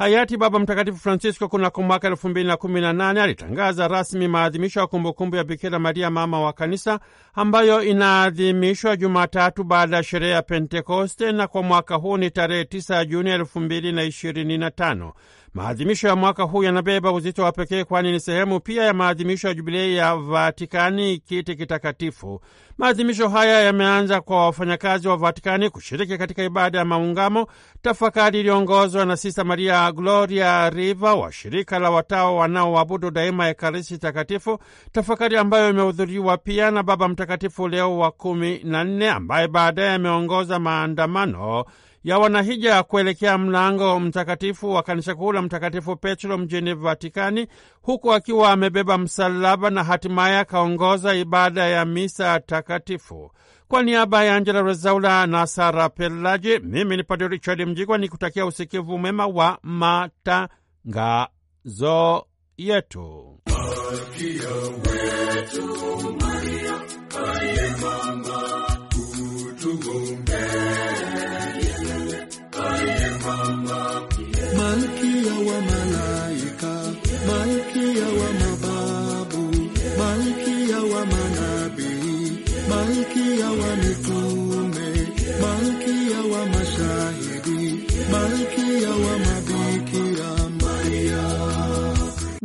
Hayati Baba Mtakatifu Francisco kunako mwaka elfu mbili na kumi na nane alitangaza rasmi maadhimisho ya kumbukumbu ya Bikira Maria mama wa Kanisa ambayo inaadhimishwa Jumatatu baada ya sherehe ya Pentekoste na kwa mwaka huu ni tarehe 9 Juni elfu mbili na ishirini na tano. Maadhimisho ya mwaka huu yanabeba uzito wa pekee, kwani ni sehemu pia ya maadhimisho ya jubilei ya Vatikani kiti kitakatifu. Maadhimisho haya yameanza kwa wafanyakazi wa Vatikani kushiriki katika ibada ya maungamo, tafakari iliyoongozwa na Sista Maria Gloria Riva wa shirika la watawa wanaoabudu daima Ekaristi Takatifu, tafakari ambayo imehudhuriwa pia na Baba Mtakatifu Leo wa kumi na nne ambaye baadaye ameongoza maandamano ya wanahija kuelekea mlango mtakatifu wa kanisa kuu la Mtakatifu Petro mjini Vatikani, huku akiwa amebeba msalaba na hatimaye akaongoza ibada ya misa takatifu. Kwa niaba ya Angela Rezaula na Sara Pelaji, mimi ni Padre Richard Mjigwa kutakia usikivu mwema wa matangazo yetu. malkia wa malaika, malkia wa mababu, malkia wa manabii, malkia wa mitu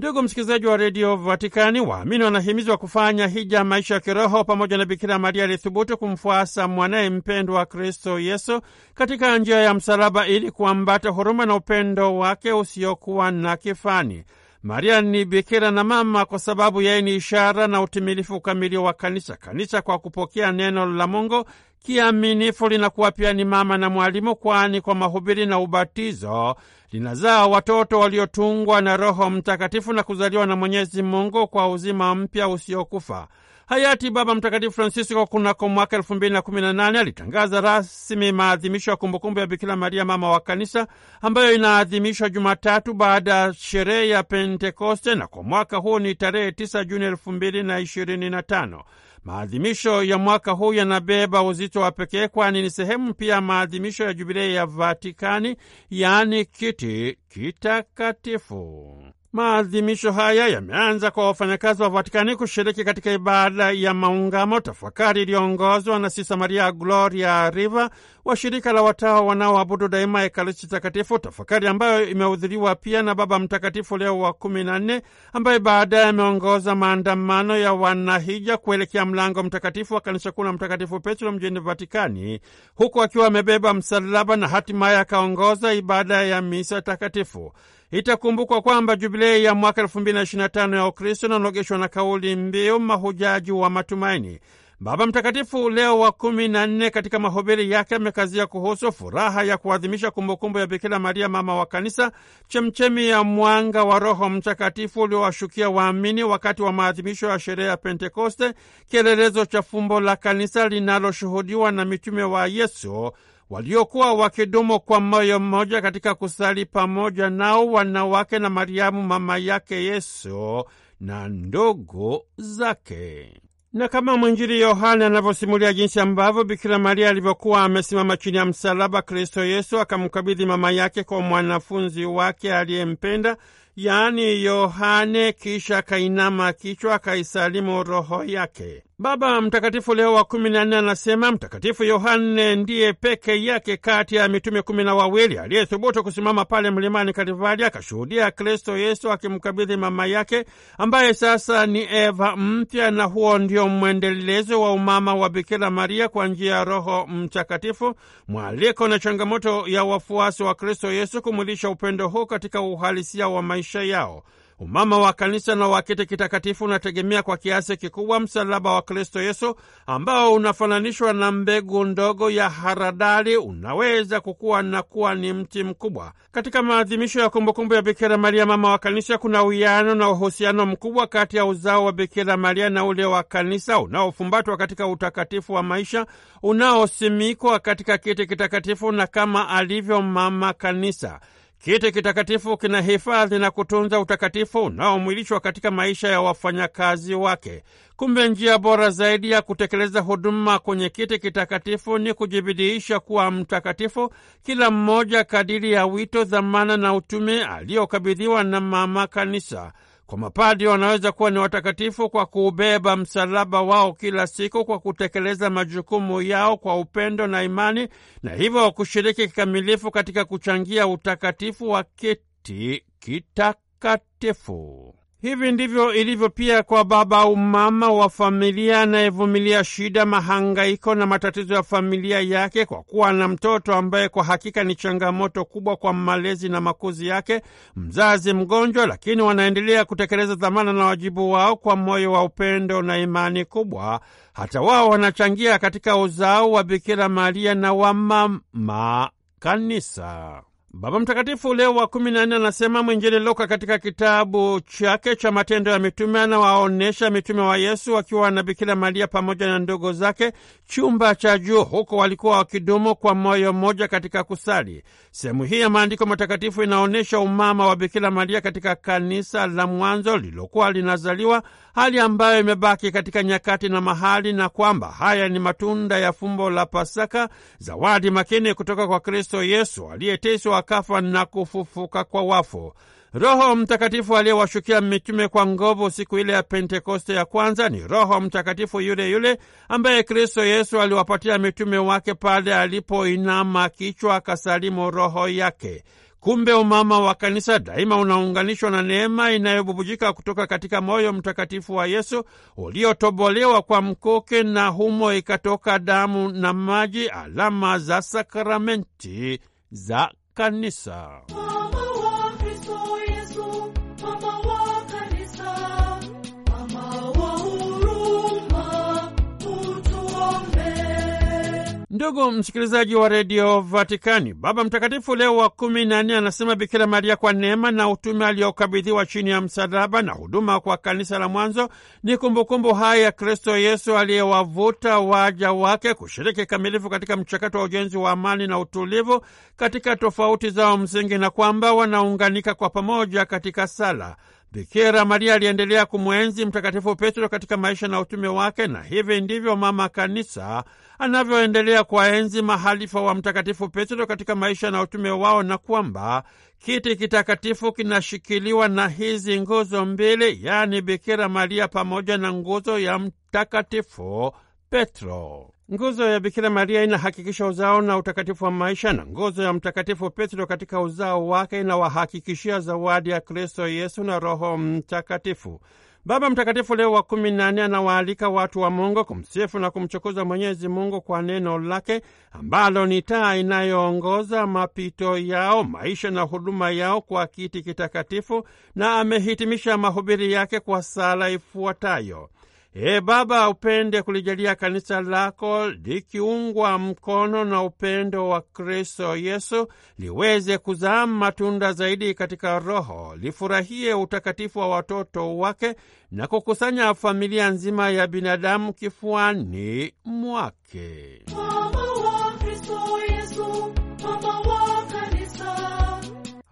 Ndugu msikilizaji wa redio Vatikani, waamini wanahimizwa kufanya hija maisha ya kiroho pamoja na Bikira Maria alithubutu kumfuasa mwanaye mpendwa Kristo Yesu katika njia ya msalaba ili kuambata huruma na upendo wake usiokuwa na kifani. Maria ni bikira na mama kwa sababu yeye ni ishara na utimilifu kamili wa kanisa. Kanisa kwa kupokea neno la Mungu kiaminifu linakuwa pia ni mama na mwalimu, kwani kwa mahubiri na ubatizo linazaa watoto waliotungwa na Roho Mtakatifu na kuzaliwa na Mwenyezi Mungu kwa uzima mpya usiokufa. Hayati Baba Mtakatifu Francisco kunako mwaka elfu mbili na kumi na nane alitangaza rasmi maadhimisho ya kumbukumbu ya Bikira Maria mama wa Kanisa, ambayo inaadhimishwa Jumatatu baada ya sherehe ya Pentekoste, na kwa mwaka huu ni tarehe 9 Juni elfu mbili na ishirini na tano. Maadhimisho ya mwaka huu yanabeba uzito wa pekee, kwani ni sehemu pia maadhimisho ya jubilei ya Vatikani, yaani kiti kitakatifu. Maadhimisho haya yameanza kwa wafanyakazi wa Vatikani kushiriki katika ibada ya maungamo, tafakari iliyoongozwa na Sisa Maria Gloria Riva, wa shirika la watawa wanaoabudu daima ekaristi takatifu, tafakari ambayo imehudhuriwa pia na Baba Mtakatifu Leo wa kumi na nne ambaye baadaye ameongoza maandamano ya wanahija kuelekea mlango mtakatifu wa kanisa kuu la Mtakatifu Petro mjini Vatikani, huku akiwa amebeba msalaba na hatimaye akaongoza ibada ya misa takatifu. Itakumbukwa kwamba jubilei ya mwaka elfu mbili na ishirini na tano ya Ukristo inaonogeshwa na kauli mbiu mahujaji wa matumaini. Baba Mtakatifu Leo wa kumi na nne katika mahubiri yake amekazia kuhusu furaha ya kuadhimisha kumbukumbu ya Bikira Maria mama wa Kanisa, chemchemi ya mwanga wa Roho Mtakatifu uliowashukia waamini wakati wa maadhimisho ya sherehe ya Pentekoste, kielelezo cha fumbo la Kanisa linaloshuhudiwa na mitume wa Yesu waliokuwa wakidumu kwa moyo mmoja katika kusali pamoja nao wanawake na Mariamu mama yake Yesu na ndugu zake na kama mwinjili Yohane anavyosimulia jinsi ambavyo Bikira Maria alivyokuwa amesimama chini ya msalaba, Kristo Yesu akamkabidhi mama yake kwa mwanafunzi wake aliyempenda, yaani Yohane, kisha akainama kichwa akaisalimu roho yake. Baba Mtakatifu Leo wa kumi na nne anasema Mtakatifu Yohane ndiye peke yake kati ya mitume kumi na wawili aliyethubutu kusimama pale mlimani Kalvari akashuhudia Kristo Yesu akimkabidhi mama yake ambaye sasa ni Eva mpya, na huo ndio mwendelezo wa umama wa Bikira Maria kwa njia ya Roho Mtakatifu, mwaliko na changamoto ya wafuasi wa Kristo Yesu kumulisha upendo huu katika uhalisia wa maisha yao. Umama wa Kanisa na wakiti kitakatifu unategemea kwa kiasi kikubwa msalaba wa Kristo Yesu ambao unafananishwa na mbegu ndogo ya haradali, unaweza kukua na kuwa ni mti mkubwa. Katika maadhimisho ya kumbukumbu ya Bikira Maria mama wa Kanisa, kuna uwiano na uhusiano mkubwa kati ya uzao wa Bikira Maria na ule wa Kanisa unaofumbatwa katika utakatifu wa maisha, unaosimikwa katika kiti kitakatifu na kama alivyo mama Kanisa. Kiti kitakatifu kinahifadhi na kutunza utakatifu unaomwilishwa katika maisha ya wafanyakazi wake. Kumbe njia bora zaidi ya kutekeleza huduma kwenye kiti kitakatifu ni kujibidiisha kuwa mtakatifu, kila mmoja kadiri ya wito, dhamana na utume aliyokabidhiwa na mama Kanisa kwa mapadi wanaweza kuwa ni watakatifu kwa kuubeba msalaba wao kila siku, kwa kutekeleza majukumu yao kwa upendo na imani, na hivyo kushiriki kikamilifu katika kuchangia utakatifu wa kiti kitakatifu. Hivi ndivyo ilivyo pia kwa baba au mama wa familia anayevumilia shida, mahangaiko na matatizo ya familia yake, kwa kuwa na mtoto ambaye kwa hakika ni changamoto kubwa kwa malezi na makuzi yake, mzazi mgonjwa, lakini wanaendelea kutekeleza dhamana na wajibu wao kwa moyo wa upendo na imani kubwa. Hata wao wanachangia katika uzao wa Bikira Maria na wamama kanisa. Baba Mtakatifu Leo wa kumi na nne anasema mwinjili Luka katika kitabu chake cha Matendo ya Mitume anawaonyesha mitume wa Yesu wakiwa na Bikira Maria pamoja na ndogo zake chumba cha juu, huko walikuwa wakidumu kwa moyo mmoja katika kusali. Sehemu hii ya maandiko matakatifu inaonyesha umama wa Bikira Maria katika kanisa la mwanzo lililokuwa linazaliwa, hali ambayo imebaki katika nyakati na mahali, na kwamba haya ni matunda ya fumbo la Pasaka, zawadi makini kutoka kwa Kristo Yesu aliyeteswa wakafa na kufufuka kwa wafu. Roho Mtakatifu aliyewashukia mitume kwa nguvu siku ile ya Pentekoste ya kwanza ni Roho Mtakatifu yule yule ambaye Kristo Yesu aliwapatia mitume wake pale alipoinama kichwa akasalimu roho yake. Kumbe umama wa kanisa daima unaunganishwa na neema inayobubujika kutoka katika moyo mtakatifu wa Yesu uliotobolewa kwa mkuki, na humo ikatoka damu na maji, alama za sakramenti za kanisa. Ndugu msikilizaji wa redio Vatikani, Baba Mtakatifu Leo wa kumi na nne anasema Bikira Maria kwa neema na utume aliyokabidhiwa chini ya msalaba na huduma kwa kanisa la mwanzo ni kumbukumbu haya ya Kristo Yesu aliyewavuta waja wake kushiriki kamilifu katika mchakato wa ujenzi wa amani na utulivu katika tofauti zao msingi, na kwamba wanaunganika kwa pamoja katika sala Bikira Maria aliendelea kumwenzi Mtakatifu Petro katika maisha na utume wake, na hivi ndivyo Mama Kanisa anavyoendelea kuwaenzi mahalifa wa Mtakatifu Petro katika maisha na utume wao, na kwamba kiti kitakatifu kinashikiliwa na hizi nguzo mbili, yaani Bikira Maria pamoja na nguzo ya Mtakatifu Petro. Nguzo ya Bikira Maria inahakikisha uzao na utakatifu wa maisha, na nguzo ya Mtakatifu Petro katika uzao wake inawahakikishia zawadi ya Kristo Yesu na Roho Mtakatifu. Baba Mtakatifu Leo wa kumi na nne anawaalika watu wa Mungu kumsifu na kumchukuza Mwenyezi Mungu kwa neno lake ambalo ni taa inayoongoza mapito yao, maisha na huduma yao kwa kiti kitakatifu, na amehitimisha mahubiri yake kwa sala ifuatayo: E Baba, upende kulijalia kanisa lako likiungwa mkono na upendo wa Kristo Yesu liweze kuzaa matunda zaidi katika Roho, lifurahie utakatifu wa watoto wake na kukusanya familia nzima ya binadamu kifuani mwake.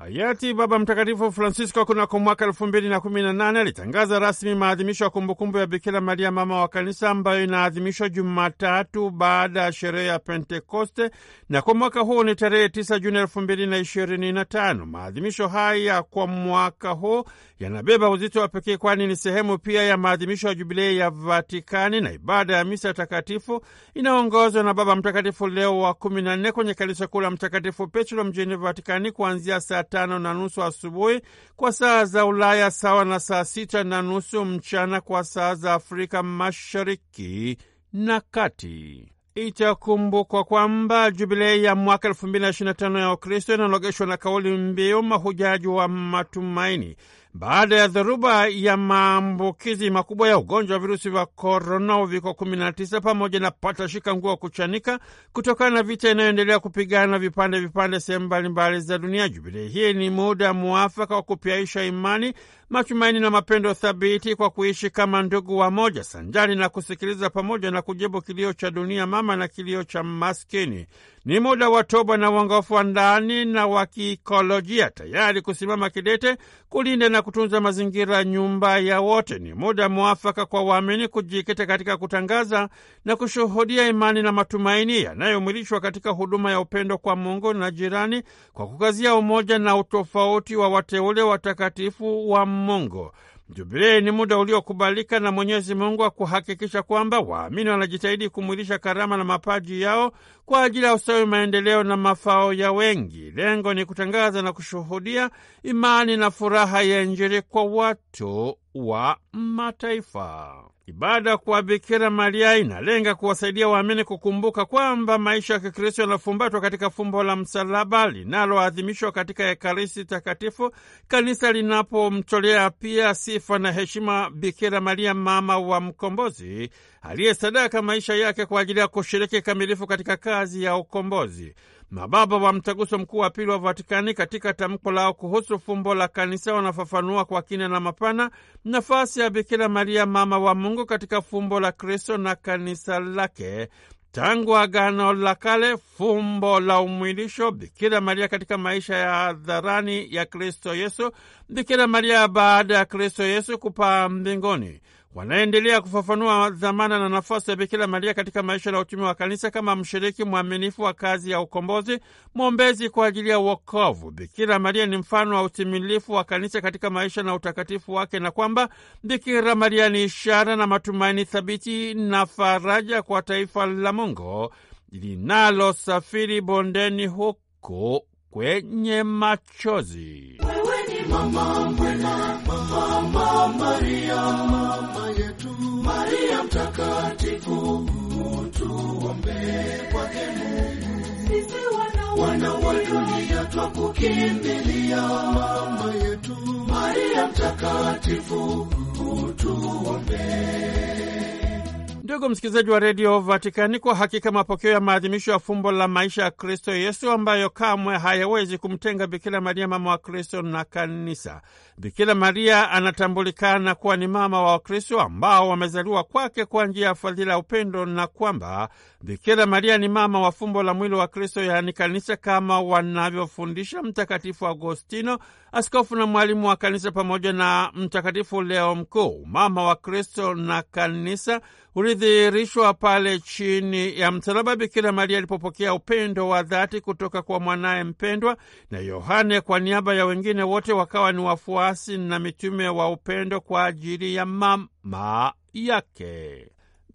Hayati Baba Mtakatifu Francisco kunako mwaka elfu mbili na kumi na nane alitangaza rasmi maadhimisho ya kumbukumbu ya Bikira Maria mama wa Kanisa ambayo inaadhimishwa Jumatatu baada ya sherehe ya Pentekoste na kwa mwaka huu ni tarehe 9 Juni elfu mbili na ishirini na tano. Maadhimisho haya kwa mwaka huu yanabeba uzito wa pekee, kwani ni sehemu pia ya maadhimisho ya Jubilei ya Vatikani na ibada ya misa takatifu inaongozwa na Baba Mtakatifu Leo wa kumi na nne kwenye Kanisa Kuu la Mtakatifu Petro mjini Vatikani kuanzia saa tano na nusu asubuhi kwa saa za Ulaya, sawa na saa sita na nusu mchana kwa saa za Afrika Mashariki na Kati. Itakumbukwa kwamba jubilei ya mwaka elfu mbili na na tano ya Ukristo inalogeshwa na kauli mbiu mahujaji wa matumaini baada ya dhoruba ya maambukizi makubwa ya ugonjwa wa virusi vya korona uviko 19 pamoja na patashika nguo kuchanika kutokana na vita inayoendelea kupigana vipande vipande sehemu mbalimbali za dunia. Jubilei hii ni muda mwafaka wa kupyaisha imani matumaini na mapendo thabiti kwa kuishi kama ndugu wamoja, sanjari na kusikiliza pamoja na kujibu kilio cha dunia mama na kilio cha maskini. Ni muda wa toba na uongofu wa ndani na wa kiikolojia, tayari kusimama kidete kulinda na kutunza mazingira, nyumba ya wote. Ni muda mwafaka kwa waamini kujikita katika kutangaza na kushuhudia imani na matumaini yanayomwilishwa katika huduma ya upendo kwa Mungu na jirani, kwa kukazia umoja na utofauti wa wateule watakatifu wa Mungu. Jubilei ni muda uliokubalika na Mwenyezi Mungu wa kuhakikisha kwamba waamini wanajitahidi kumwilisha karama na mapaji yao kwa ajili ya ustawi, maendeleo na mafao ya wengi. Lengo ni kutangaza na kushuhudia imani na furaha ya Injili kwa watu wa mataifa. Ibada kwa Bikira Maria inalenga kuwasaidia waamini kukumbuka kwamba maisha ya Kikristo yanafumbatwa katika fumbo la msalaba linaloadhimishwa katika Ekaristi Takatifu, kanisa linapomtolea pia sifa na heshima Bikira Maria, mama wa Mkombozi, aliyesadaka maisha yake kwa ajili ya kushiriki kamilifu katika kazi ya ukombozi. Mababa wa Mtaguso Mkuu wa Pili wa Vatikani katika tamko lao kuhusu fumbo la kanisa wanafafanua kwa kina na mapana nafasi ya Bikira Maria mama wa Mungu katika fumbo la Kristo na kanisa lake tangu Agano la Kale, fumbo la umwilisho, Bikira Maria katika maisha ya hadharani ya Kristo Yesu, Bikira Maria baada ya Kristo Yesu kupaa mbingoni wanaendelea kufafanua dhamana na nafasi ya Bikira Maria katika maisha na utume wa kanisa kama mshiriki mwaminifu wa kazi ya ukombozi, mwombezi kwa ajili ya uokovu. Bikira Maria ni mfano wa utimilifu wa kanisa katika maisha na utakatifu wake, na kwamba Bikira Maria ni ishara na matumaini thabiti na faraja kwa taifa la Mungu linalosafiri bondeni huku kwenye machozi. Wewe ni mama mama, mama Maria. Maria mtakatifu, kwake Mungu. Sisi wana wa dunia twakukimbilia, mama yetu Maria mtakatifu, tuombee Ndugu msikilizaji wa redio Vatikani, kwa hakika mapokeo ya maadhimisho ya fumbo la maisha ya Kristo Yesu ambayo kamwe hayawezi kumtenga Bikira Maria mama wa Kristo na kanisa. Bikira Maria anatambulikana kuwa ni mama wa Wakristo ambao wamezaliwa kwake kwa njia ya fadhila ya upendo na kwamba Bikira Maria ni mama wa fumbo la mwili wa Kristo, yaani kanisa, kama wanavyofundisha Mtakatifu Agostino, askofu na mwalimu wa kanisa, pamoja na Mtakatifu Leo Mkuu. Mama wa Kristo na kanisa ulidhihirishwa pale chini ya msalaba, Bikira Maria alipopokea upendo wa dhati kutoka kwa mwanaye mpendwa, na Yohane kwa niaba ya wengine wote wakawa ni wafuasi na mitume wa upendo kwa ajili ya mama yake.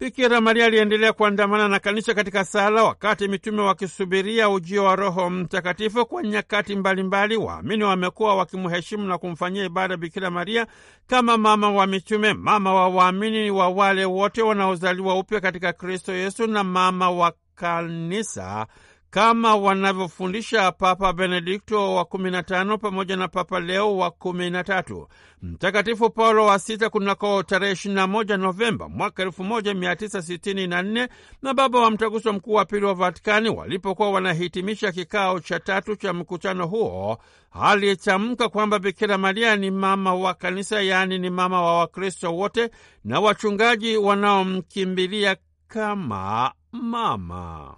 Bikira Maria aliendelea kuandamana na kanisa katika sala, wakati mitume wakisubiria ujio wa Roho Mtakatifu. Kwa nyakati mbalimbali, waamini wamekuwa wakimheshimu na kumfanyia ibada Bikira Maria kama mama wa mitume, mama wa waamini wa wale wote wanaozaliwa upya katika Kristo Yesu na mama wa kanisa kama wanavyofundisha Papa Benedikto wa 15 pamoja na Papa Leo wa 13. Mtakatifu Paulo wa sita kunako tarehe 21 Novemba mwaka 1964 na Baba wa Mtaguso Mkuu wa Pili wa Vatikani walipokuwa wanahitimisha kikao cha tatu cha mkutano huo, aliyetamka kwamba Bikira Maria ni mama wa Kanisa, yaani ni mama wa Wakristo wote na wachungaji wanaomkimbilia kama mama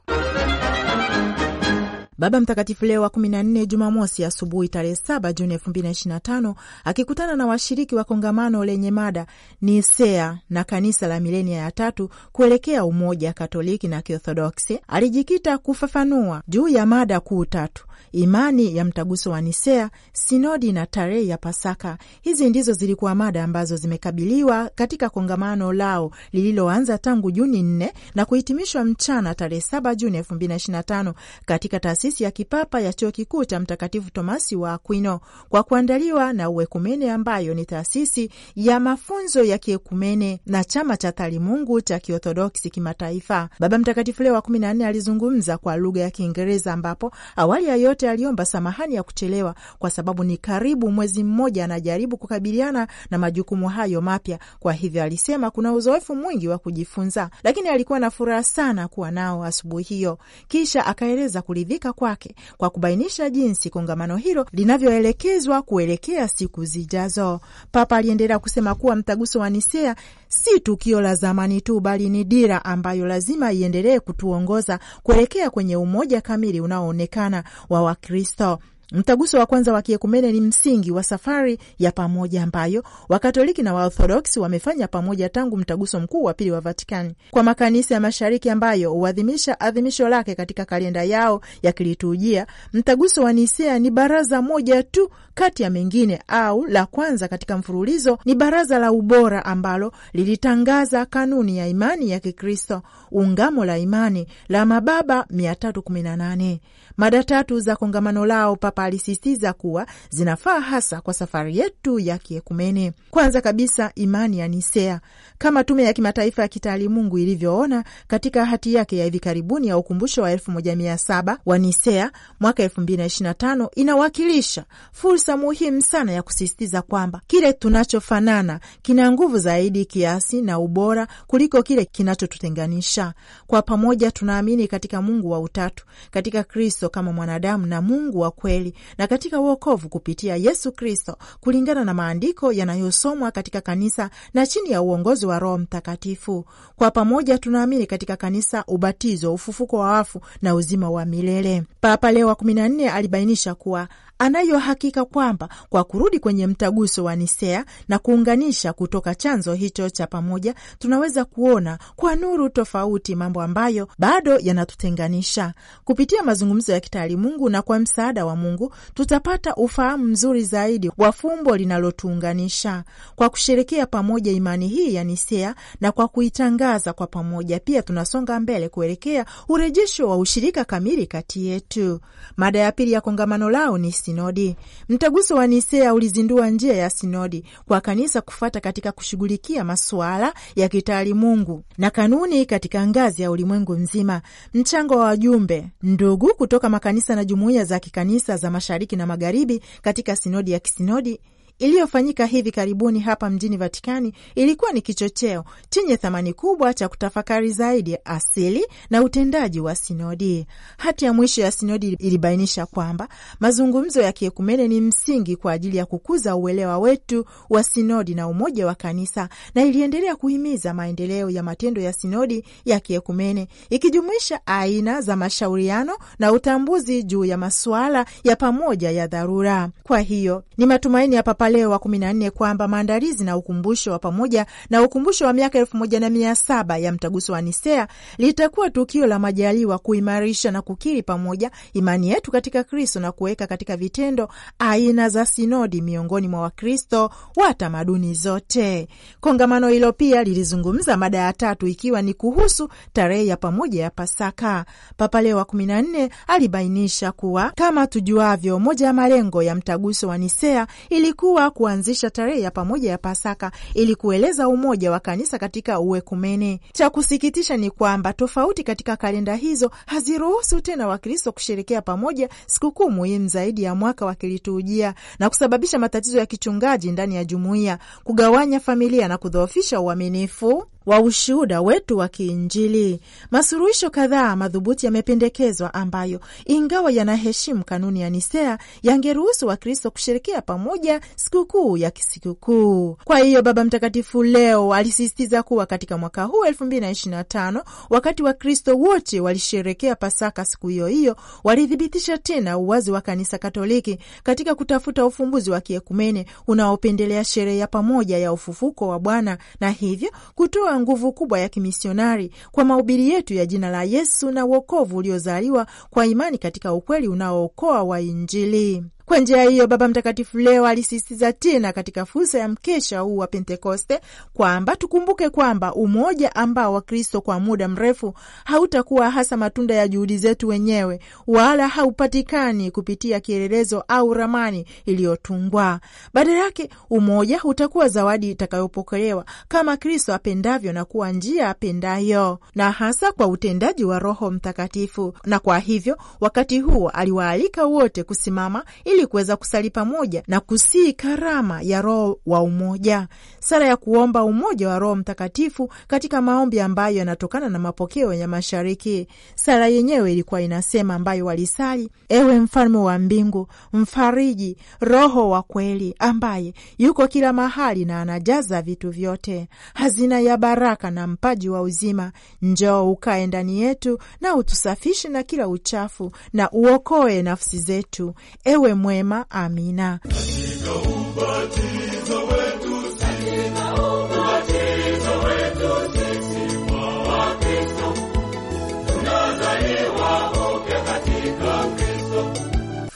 Baba Mtakatifu Leo wa 14 Jumamosi asubuhi tarehe 7 Juni 2025 akikutana na washiriki wa kongamano lenye mada Nisea na kanisa la milenia ya tatu kuelekea umoja Katoliki na Kiorthodoksi alijikita kufafanua juu ya mada kuu tatu: imani ya mtaguso wa Nisea, sinodi na tarehe ya Pasaka. Hizi ndizo zilikuwa mada ambazo zimekabiliwa katika kongamano lao lililoanza tangu Juni 4 na kuhitimishwa mchana tarehe 7 Juni 2025 katika taasisi ya kipapa ya chuo kikuu cha Mtakatifu Tomasi wa Akwino kwa kuandaliwa na Uekumene, ambayo ni taasisi ya mafunzo ya kiekumene na chama cha Talimungu cha Kiorthodoksi Kimataifa. Baba Mtakatifu Leo wa kumi na nne alizungumza kwa lugha ya Kiingereza, ambapo awali ya yote aliomba samahani ya kuchelewa, kwa sababu ni karibu mwezi mmoja anajaribu kukabiliana na majukumu hayo mapya. Kwa hivyo alisema kuna uzoefu mwingi wa kujifunza, lakini alikuwa na furaha sana kuwa nao asubuhi hiyo. Kisha akaeleza kuridhika kuimarika kwake kwa kubainisha jinsi kongamano hilo linavyoelekezwa kuelekea siku zijazo. Papa aliendelea kusema kuwa mtaguso wa Nisea si tukio la zamani tu, bali ni dira ambayo lazima iendelee kutuongoza kuelekea kwenye umoja kamili unaoonekana wa Wakristo. Mtaguso wa kwanza wa kiekumene ni msingi wa safari ya pamoja ambayo Wakatoliki na Waorthodoksi wamefanya pamoja tangu mtaguso mkuu wa pili wa Vatikani kwa makanisa ya mashariki ambayo huadhimisha adhimisho lake katika kalenda yao ya kiliturujia. Mtaguso wa Nisea ni baraza moja tu kati ya mengine au la kwanza katika mfululizo. Ni baraza la ubora ambalo lilitangaza kanuni ya imani ya Kikristo, ungamo la imani la mababa 318 Mada tatu za kongamano lao Papa alisisitiza kuwa zinafaa hasa kwa safari yetu ya kiekumene. Kwanza kabisa, imani ya Nisea kama tume ya kimataifa ya kitaalimungu ilivyoona katika hati yake ya hivi karibuni ya ukumbusho wa 1700 wa Nisea mwaka 2025 inawakilisha fursa muhimu sana ya kusisitiza kwamba kile tunachofanana kina nguvu zaidi kiasi na ubora kuliko kile kinachotutenganisha. Kwa pamoja tunaamini katika Mungu wa Utatu, katika Kristo Kristo kama mwanadamu na Mungu wa kweli na katika uokovu kupitia Yesu Kristo kulingana na maandiko yanayosomwa katika kanisa na chini ya uongozi wa Roho Mtakatifu. Kwa pamoja tunaamini katika kanisa, ubatizo, ufufuko wa wafu na uzima wa milele. Papa Leo wa kumi alibainisha kuwa anayo hakika kwamba kwa kurudi kwenye mtaguso wa Nisea na kuunganisha kutoka chanzo hicho cha pamoja, tunaweza kuona kwa nuru tofauti mambo ambayo bado yanatutenganisha. Kupitia mazungumzo ya kitaalimungu na kwa msaada wa Mungu, tutapata ufahamu mzuri zaidi wa fumbo linalotuunganisha. Kwa kusherekea pamoja imani hii ya Nisea na kwa kuitangaza kwa pamoja, pia tunasonga mbele kuelekea urejesho wa ushirika kamili kati yetu. Mada ya pili ya kongamano lao ni sinodi. Mtaguso wa Nisea ulizindua njia ya sinodi kwa kanisa kufata katika kushughulikia masuala ya kitaalimungu na kanuni katika ngazi ya ulimwengu mzima. Mchango wa wajumbe ndugu kutoka makanisa na jumuiya za kikanisa za mashariki na magharibi katika sinodi ya kisinodi iliyofanyika hivi karibuni hapa mjini Vatikani ilikuwa ni kichocheo chenye thamani kubwa cha kutafakari zaidi asili na utendaji wa sinodi. Hati ya mwisho ya sinodi ilibainisha kwamba mazungumzo ya kiekumene ni msingi kwa ajili ya kukuza uelewa wetu wa sinodi na umoja wa kanisa, na iliendelea kuhimiza maendeleo ya matendo ya sinodi ya kiekumene ikijumuisha aina za mashauriano na utambuzi juu ya masuala ya pamoja ya dharura. Kwa hiyo ni matumaini ya Papa Leo wa kumi na nne kwamba maandalizi na ukumbusho wa pamoja na ukumbusho wa miaka elfu moja na mia saba ya mtaguso wa Nisea litakuwa tukio la majaliwa kuimarisha na kukiri pamoja imani yetu katika Kristo na kuweka katika vitendo aina za sinodi miongoni mwa Wakristo wa tamaduni zote. Kongamano hilo pia lilizungumza mada ya tatu ikiwa ni kuhusu tarehe ya pamoja ya Pasaka. Papa Leo wa kumi na nne alibainisha kuwa kama tujuavyo, moja ya malengo ya mtaguso wa Nisea ilikuwa aliamua kuanzisha tarehe ya pamoja ya Pasaka ili kueleza umoja wa kanisa katika uekumene. Cha kusikitisha ni kwamba tofauti katika kalenda hizo haziruhusu tena Wakristo kusherekea pamoja sikukuu muhimu zaidi ya mwaka wa kiliturujia na kusababisha matatizo ya kichungaji ndani ya jumuiya, kugawanya familia na kudhoofisha uaminifu wa ushuhuda wetu wa kiinjili. Masuruhisho kadhaa madhubuti yamependekezwa ambayo, ingawa yanaheshimu kanuni ya Nisea, yangeruhusu Wakristo kushirikia pamoja sikukuu ya kisikukuu. Kwa hiyo, Baba Mtakatifu leo alisisitiza kuwa katika mwaka huu 2025 wakati Wakristo wote walisherekea Pasaka siku hiyo hiyo, walithibitisha tena uwazi wa Kanisa Katoliki katika kutafuta ufumbuzi wa kiekumene unaopendelea sherehe ya pamoja ya ufufuko wa Bwana na hivyo kutoa Tunatoa nguvu kubwa ya kimisionari kwa mahubiri yetu ya jina la Yesu na wokovu uliozaliwa kwa imani katika ukweli unaookoa wa Injili. Kwa njia hiyo, Baba Mtakatifu leo alisisitiza tena katika fursa ya mkesha huu wa Pentekoste kwamba tukumbuke kwamba umoja ambao Wakristo kwa muda mrefu hautakuwa hasa matunda ya juhudi zetu wenyewe, wala haupatikani kupitia kielelezo au ramani iliyotungwa. Badala yake, umoja utakuwa zawadi itakayopokelewa kama Kristo apendavyo na kuwa njia apendayo, na hasa kwa utendaji wa Roho Mtakatifu. Na kwa hivyo wakati huo aliwaalika wote kusimama ili ili kuweza kusali pamoja na kusii karama ya Roho wa umoja, sala ya kuomba umoja wa Roho Mtakatifu katika maombi ambayo yanatokana na mapokeo ya Mashariki. Sala yenyewe ilikuwa inasema, ambayo walisali: ewe mfalme wa mbingu, mfariji, Roho wa kweli ambaye yuko kila mahali na anajaza vitu vyote, hazina ya baraka na mpaji wa uzima, njoo ukae ndani yetu na utusafishe na kila uchafu na uokoe nafsi zetu, ewe mwe mwema. Amina.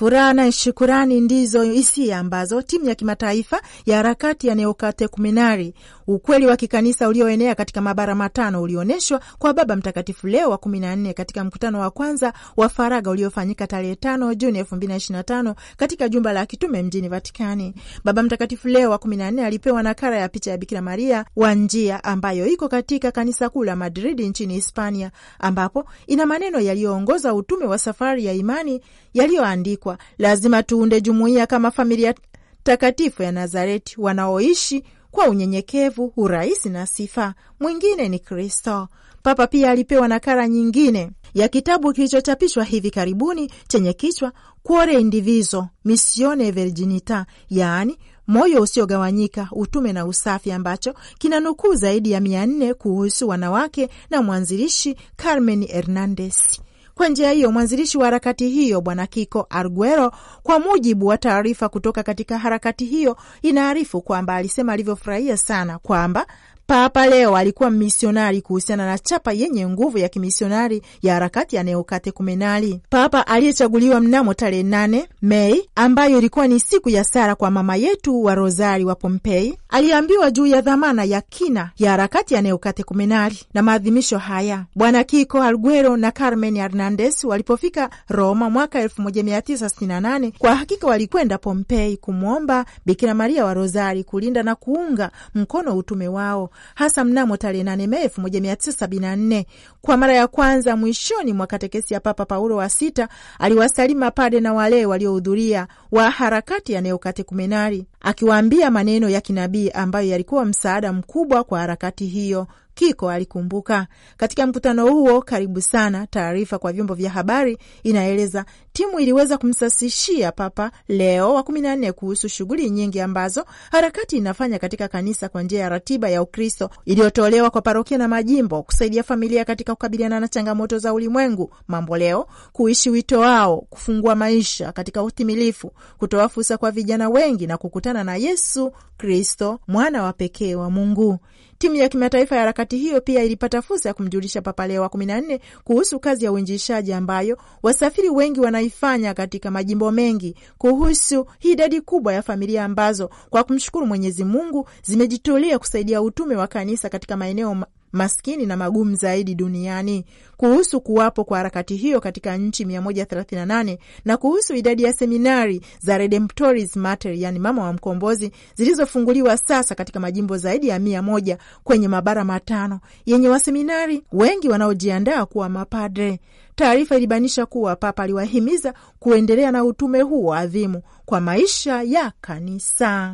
Furaha na shukurani ndizo hisia ambazo timu ya kimataifa ya harakati ya Neokatecumenari, ukweli wa kikanisa ulioenea katika mabara matano, ulioneshwa kwa Baba Mtakatifu Leo wa kumi na nne katika mkutano wa kwanza wa faraga uliofanyika tarehe tano Juni elfu mbili na ishirini na tano katika jumba la kitume mjini Vatikani. Baba Mtakatifu Leo wa kumi na nne alipewa nakala ya picha ya Bikira Maria wa njia ambayo iko katika kanisa kuu la Madridi nchini Hispania, ambapo ina maneno yaliyoongoza utume wa safari ya imani yaliyoandikwa. Lazima tuunde jumuiya kama familia takatifu ya Nazareti, wanaoishi kwa unyenyekevu, urahisi na sifa. Mwingine ni Kristo. Papa pia alipewa nakala nyingine ya kitabu kilichochapishwa hivi karibuni chenye kichwa Cuore Indiviso Missione Virginita, yaani moyo usiogawanyika, utume na usafi, ambacho kina nukuu zaidi ya mia nne kuhusu wanawake na mwanzilishi Carmen Hernandez. Kwa njia hiyo, mwanzilishi wa harakati hiyo Bwana Kiko Arguero, kwa mujibu wa taarifa kutoka katika harakati hiyo, inaarifu kwamba alisema alivyofurahia sana kwamba Papa Leo alikuwa misionari kuhusiana na chapa yenye nguvu ya kimisionari ya harakati ya Kumenali. Papa aliyechaguliwa mnamo tarehe nane Mei, ambayo ilikuwa ni siku ya sara kwa mama yetu wa Rozari wa Pompei, aliambiwa juu ya dhamana ya kina ya harakati ya Kumenali na maadhimisho haya. Bwana Kiko Alguero na Carmen Hernandez walipofika Roma mwaka 1968 kwa hakika walikwenda Pompei kumwomba Bikira Maria wa Rozari kulinda na kuunga mkono utume wao hasa mnamo tarehe 8 Mei 1974 kwa mara ya kwanza. Mwishoni mwa katekesi ya Papa Paulo wa Sita aliwasalima pade na wale waliohudhuria wa harakati ya Neokatekumenari akiwaambia maneno ya kinabii ambayo yalikuwa msaada mkubwa kwa harakati hiyo. Kiko alikumbuka katika mkutano huo karibu sana. Taarifa kwa vyombo vya habari inaeleza timu iliweza kumsasishia Papa Leo wa kumi na nne kuhusu shughuli nyingi ambazo harakati inafanya katika kanisa kwa njia ya ratiba ya Ukristo iliyotolewa kwa parokia na majimbo, kusaidia familia katika kukabiliana na changamoto za ulimwengu mambo leo, kuishi wito wao, kufungua maisha katika utimilifu, kutoa fursa kwa vijana wengi na kukutana kukutana na Yesu Kristo, mwana wa pekee wa Mungu. Timu ya kimataifa ya harakati hiyo pia ilipata fursa ya kumjulisha Papa Leo wa kumi na nne kuhusu kazi ya uinjilishaji ambayo wasafiri wengi wanaifanya katika majimbo mengi, kuhusu hii idadi kubwa ya familia ambazo kwa kumshukuru Mwenyezi Mungu zimejitolea kusaidia utume wa kanisa katika maeneo maskini na magumu zaidi duniani, kuhusu kuwapo kwa harakati hiyo katika nchi 138 na kuhusu idadi ya seminari za Redemptoris Mater, yani mama wa mkombozi, zilizofunguliwa sasa katika majimbo zaidi ya mia moja kwenye mabara matano yenye waseminari wengi wanaojiandaa kuwa mapadre. Taarifa ilibainisha kuwa Papa aliwahimiza kuendelea na utume huu adhimu kwa maisha ya kanisa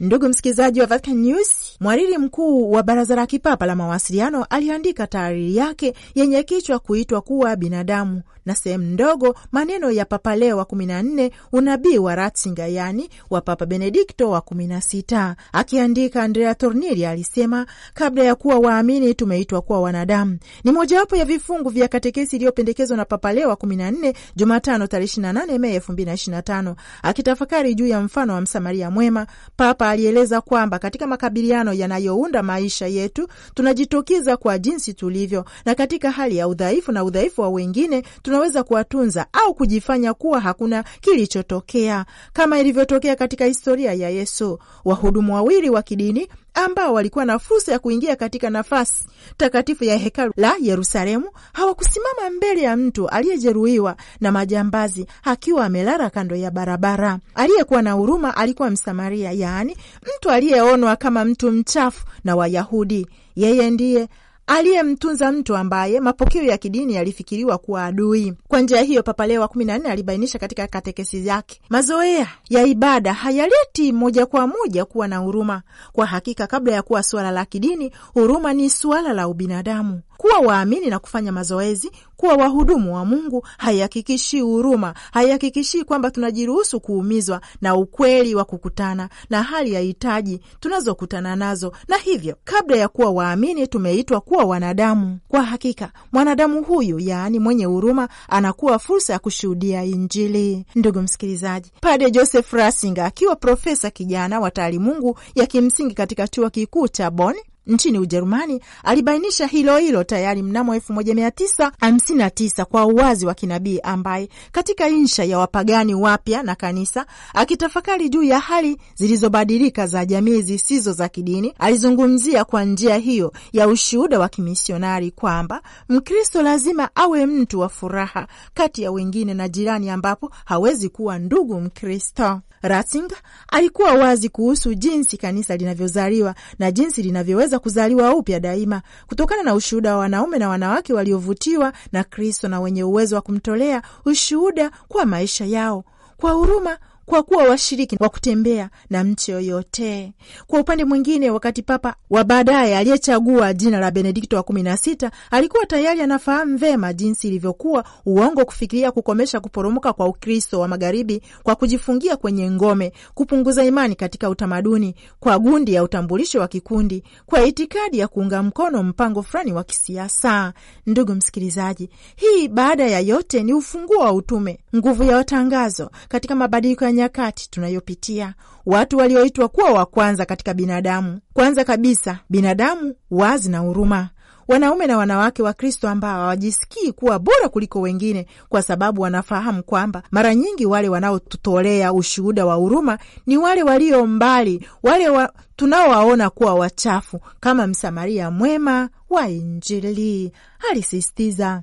Ndugu msikilizaji wa Vatican News, Mwariri mkuu wa Baraza la Kipapa la Mawasiliano aliandika taariri yake yenye kichwa kuitwa kuwa binadamu na sehemu ndogo maneno ya Papa Leo wa kumi na nne, unabii wa Ratzinger, yani wa Papa Benedikto wa kumi na sita. Akiandika, Andrea tornili alisema, kabla ya kuwa waamini tumeitwa kuwa wanadamu. Ni mojawapo ya vifungu vya katekesi iliyopendekezwa na Papa Leo wa kumi na nne Jumatano tarehe ishirini na nane Mei elfu mbili na na tano. Akitafakari juu ya mfano wa Msamaria mwema, Papa alieleza kwamba katika makabiliano mahusiano yanayounda maisha yetu, tunajitokeza kwa jinsi tulivyo, na katika hali ya udhaifu na udhaifu wa wengine tunaweza kuwatunza au kujifanya kuwa hakuna kilichotokea, kama ilivyotokea katika historia ya Yesu. Wahudumu wawili wa kidini ambao walikuwa na fursa ya kuingia katika nafasi takatifu ya hekalu la Yerusalemu hawakusimama mbele ya mtu aliyejeruhiwa na majambazi akiwa amelala kando ya barabara. Aliyekuwa na huruma alikuwa Msamaria, yaani mtu aliyeonwa kama mtu mchafu na Wayahudi. Yeye ndiye aliyemtunza mtu ambaye mapokeo ya kidini yalifikiriwa kuwa adui. Kwa njia hiyo, Papa Leo wa kumi na nne alibainisha katika katekesi yake, mazoea ya ibada hayaleti moja kwa moja kuwa na huruma. Kwa hakika, kabla ya kuwa suala la kidini, huruma ni suala la ubinadamu. Kuwa waamini na kufanya mazoezi, kuwa wahudumu wa Mungu haihakikishii huruma, haihakikishii kwamba tunajiruhusu kuumizwa na ukweli wa kukutana na hali ya hitaji tunazokutana nazo, na hivyo kabla ya kuwa waamini tumeitwa kuwa wanadamu. Kwa hakika mwanadamu huyu, yaani mwenye huruma, anakuwa fursa ya kushuhudia Injili. Ndugu msikilizaji, Pade Joseph Rasinga akiwa profesa kijana wa taalimungu ya kimsingi katika chuo kikuu cha Bonn nchini Ujerumani alibainisha hilo hilo tayari mnamo 1959 kwa uwazi wa kinabii, ambaye katika insha ya wapagani wapya na kanisa, akitafakari juu ya hali zilizobadilika za jamii zisizo za kidini, alizungumzia kwa njia hiyo ya ushuhuda wa kimisionari kwamba Mkristo lazima awe mtu wa furaha kati ya wengine na jirani, ambapo hawezi kuwa ndugu Mkristo. Ratzinger alikuwa wazi kuhusu jinsi kanisa linavyozaliwa na jinsi linavyoweza kuzaliwa upya daima kutokana na ushuhuda wa wanaume na wanawake waliovutiwa na Kristo na wenye uwezo wa kumtolea ushuhuda kwa maisha yao kwa huruma kwa kuwa washiriki wa kutembea na mtu yoyote. Kwa upande mwingine, wakati papa wa baadaye aliyechagua jina la Benedikto wa kumi na sita alikuwa tayari anafahamu vema jinsi ilivyokuwa uongo kufikiria kukomesha kuporomoka kwa Ukristo wa Magharibi kwa kujifungia kwenye ngome, kupunguza imani katika utamaduni kwa gundi ya utambulisho wa kikundi, kwa itikadi ya kuunga mkono mpango fulani wa kisiasa. Ndugu msikilizaji, hii baada ya yote ni ufunguo wa utume, nguvu ya watangazo katika mabadiliko ya nyakati tunayopitia, watu walioitwa kuwa wa kwanza katika binadamu, kwanza kabisa binadamu wazi na huruma, wanaume na wanawake wa Kristo ambao hawajisikii kuwa bora kuliko wengine, kwa sababu wanafahamu kwamba mara nyingi wale wanaotutolea ushuhuda wa huruma ni wale walio mbali, wale wa tunaowaona kuwa wachafu, kama Msamaria mwema wa Injili, alisisitiza.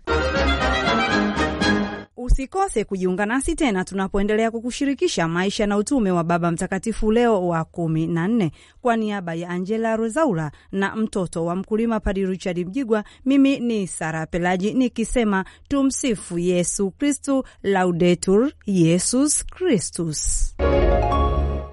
Usikose kujiunga nasi tena tunapoendelea kukushirikisha maisha na utume wa Baba Mtakatifu Leo wa kumi na nne. Kwa niaba ya Angela Rozaula na mtoto wa mkulima Padi Richard Mjigwa, mimi ni Sara Pelaji nikisema tumsifu Yesu Kristu, laudetur Yesus Kristus.